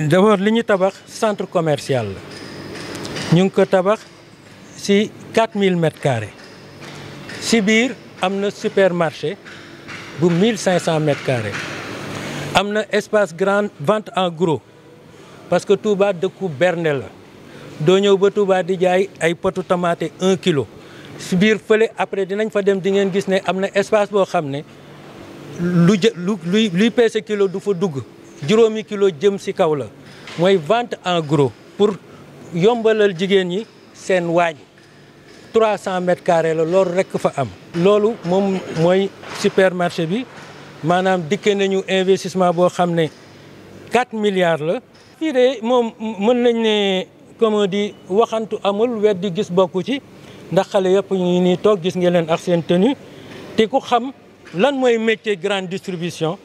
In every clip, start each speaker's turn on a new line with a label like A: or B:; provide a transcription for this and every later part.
A: d'abord li ñu tabax centre commerciale la ñu ngi ko tabax ci 4000 mètres carrés ci biir am na supermarché bu 1500 mètres carrés am na espace grande vente en gros parce que Touba dëkku berne la doo ñëw ba Touba di jaay ay potu tomate 1 kilo ci biir fële après dinañ fa dem di ngeen gis ne am na espace boo xam ne lu jë lu luy luy peese kilo du fa dugg. juróomi kilo jëm si kaw la mooy vente en gros pour yombalal jigéen ñi seen waañ 300 mètres carrés la loolu rekk fa am. loolu moom mooy supermarché bi maanaam dikke nañu investissement boo xam ne 4 milliards la. fii de moom mën nañ ne comme on waxantu amul weddi gis bokku ci ndax xale yëpp ñu nii toog gis ngeen leen ak seen tenue te ku xam lan mooy métier grande distribution.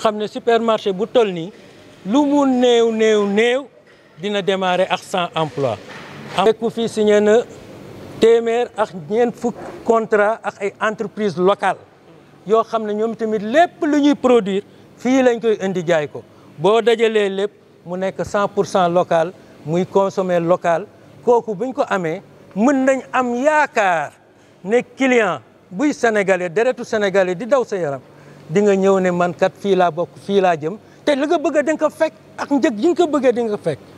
A: xam ne supermarché bu toll nii lu mu néew néew néew dina démarrer ak 100 emplois. ku fii signé na téeméer ak ñeen fukk contrat ak ay entreprise locale yoo xam ne ñoom tamit lépp lu ñuy produire fii lañ koy indi ko boo dajalee lépp mu nekk 100 pour cent locale muy consommer locale kooku buñ ko amee mën nañ am yaakaar ne client buy sénégalais deretu sénégalais di daw sa yaram. di nga ñëw ne man kat fii laa bokk fii laa jëm te la nga bëgg a di nga ko fekk ak njëg yi nga ko bëggee di nga